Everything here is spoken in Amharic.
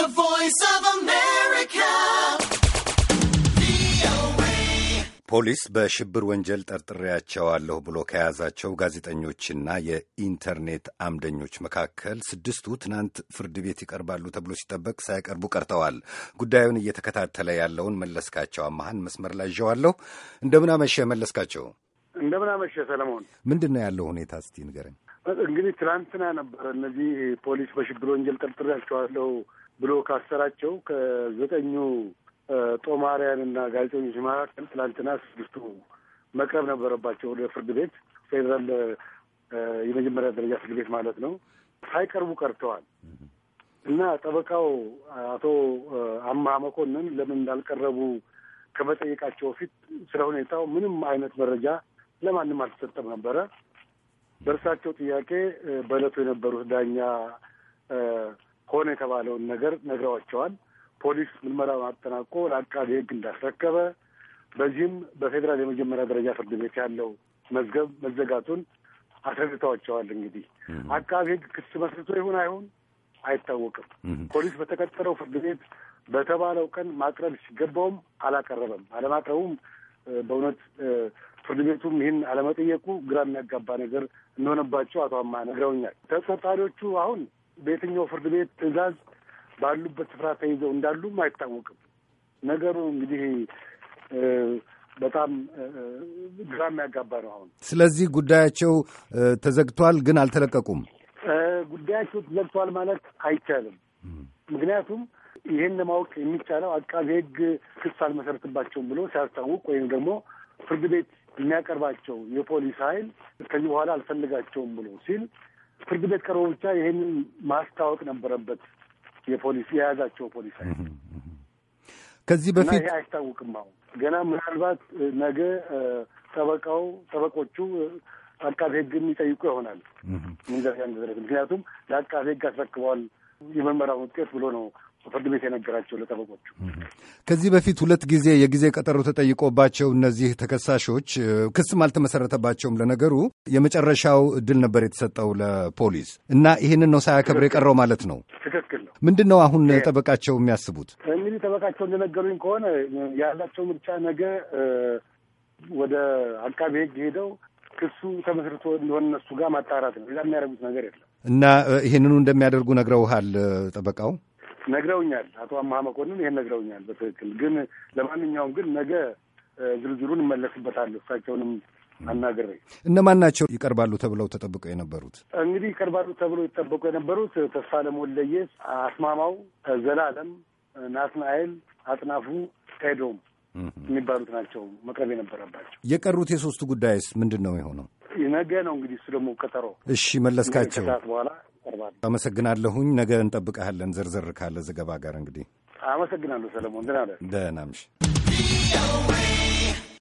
The Voice of America. ፖሊስ በሽብር ወንጀል ጠርጥሬያቸዋለሁ ብሎ ከያዛቸው ጋዜጠኞችና የኢንተርኔት አምደኞች መካከል ስድስቱ ትናንት ፍርድ ቤት ይቀርባሉ ተብሎ ሲጠበቅ ሳይቀርቡ ቀርተዋል። ጉዳዩን እየተከታተለ ያለውን መለስካቸው አመሃን መስመር ላይ ይዤዋለሁ። እንደምን አመሸህ መለስካቸው? እንደምን ሰለሞን። ምንድን ነው ያለው ሁኔታ እስቲ ንገረኝ። እንግዲህ ትናንትና ነበረ እነዚህ ፖሊስ በሽብር ወንጀል ጠርጥሬያቸዋለሁ ብሎ ካሰራቸው ከዘጠኙ ጦማሪያን እና ጋዜጠኞች መካከል ትላንትና ስድስቱ መቅረብ ነበረባቸው ወደ ፍርድ ቤት ፌዴራል የመጀመሪያ ደረጃ ፍርድ ቤት ማለት ነው። ሳይቀርቡ ቀርተዋል እና ጠበቃው አቶ አማ መኮንን ለምን እንዳልቀረቡ ከመጠየቃቸው በፊት ስለ ሁኔታው ምንም አይነት መረጃ ለማንም አልተሰጠም ነበረ። በእርሳቸው ጥያቄ በእለቱ የነበሩት ዳኛ ሆነ የተባለውን ነገር ነግረዋቸዋል። ፖሊስ ምርመራ አጠናቆ ለአቃቤ ሕግ እንዳስረከበ በዚህም በፌዴራል የመጀመሪያ ደረጃ ፍርድ ቤት ያለው መዝገብ መዘጋቱን አስረድተዋቸዋል። እንግዲህ አቃቤ ሕግ ክስ መስርቶ ይሁን አይሁን አይታወቅም። ፖሊስ በተቀጠረው ፍርድ ቤት በተባለው ቀን ማቅረብ ሲገባውም አላቀረበም። አለማቅረቡም በእውነት ፍርድ ቤቱም ይህን አለመጠየቁ ግራ የሚያጋባ ነገር እንደሆነባቸው አቶ አማ ነግረውኛል። ተጠርጣሪዎቹ አሁን በየትኛው ፍርድ ቤት ትዕዛዝ ባሉበት ስፍራ ተይዘው እንዳሉም አይታወቅም። ነገሩ እንግዲህ በጣም ግራ የሚያጋባ ነው። አሁን ስለዚህ ጉዳያቸው ተዘግቷል፣ ግን አልተለቀቁም። ጉዳያቸው ተዘግቷል ማለት አይቻልም። ምክንያቱም ይህን ለማወቅ የሚቻለው አቃቤ ሕግ ክስ አልመሰረትባቸውም ብሎ ሲያስታውቅ ወይም ደግሞ ፍርድ ቤት የሚያቀርባቸው የፖሊስ ኃይል ከዚህ በኋላ አልፈልጋቸውም ብሎ ሲል ፍርድ ቤት ቀርቦ ብቻ ይህንን ማስታወቅ ነበረበት የፖሊስ የያዛቸው ፖሊስ ከዚህ በፊት ይሄ አይታወቅም። አሁን ገና ምናልባት ነገ ጠበቃው ጠበቆቹ አቃቤ ሕግ የሚጠይቁ ይሆናል ምንዛ ምክንያቱም ለአቃቤ ሕግ አስረክበዋል የምርመራውን ውጤት ብሎ ነው ፍርድ ቤት የነገራቸው ለጠበቆቹ። ከዚህ በፊት ሁለት ጊዜ የጊዜ ቀጠሮ ተጠይቆባቸው እነዚህ ተከሳሾች ክስም አልተመሰረተባቸውም። ለነገሩ የመጨረሻው እድል ነበር የተሰጠው ለፖሊስ እና ይህንን ነው ሳያከብር የቀረው ማለት ነው። ትክክል ነው። ምንድን ነው አሁን ጠበቃቸው የሚያስቡት? እንግዲህ ጠበቃቸው እንደነገሩኝ ከሆነ ያላቸው ምርጫ ነገ ወደ አቃቢ ሕግ ሄደው ክሱ ተመስርቶ እንደሆነ እነሱ ጋር ማጣራት ነው። ሌላ የሚያደርጉት ነገር የለም እና ይህንኑ እንደሚያደርጉ ነግረውሃል ጠበቃው? ነግረውኛል። አቶ አማሀ መኮንን ይህን ነግረውኛል በትክክል ግን ለማንኛውም ግን ነገ ዝርዝሩን እመለስበታለሁ እሳቸውንም አናግሬ እነማን ናቸው ይቀርባሉ ተብለው ተጠብቀው የነበሩት? እንግዲህ ይቀርባሉ ተብለው የተጠበቁ የነበሩት ተስፋ ለሞለየስ፣ አስማማው ዘላለም፣ ናትናኤል፣ አጥናፉ፣ ኤዶም የሚባሉት ናቸው መቅረብ የነበረባቸው። የቀሩት የሶስቱ ጉዳይስ ምንድን ነው የሆነው? ነገ ነው እንግዲህ እሱ ደግሞ ቀጠሮ። እሺ መለስካቸው፣ በኋላ ያቀርባል። አመሰግናለሁኝ። ነገ እንጠብቀሃለን ዝርዝር ካለ ዘገባ ጋር እንግዲህ አመሰግናለሁ ሰለሞን። ደህና ደህና ምሽ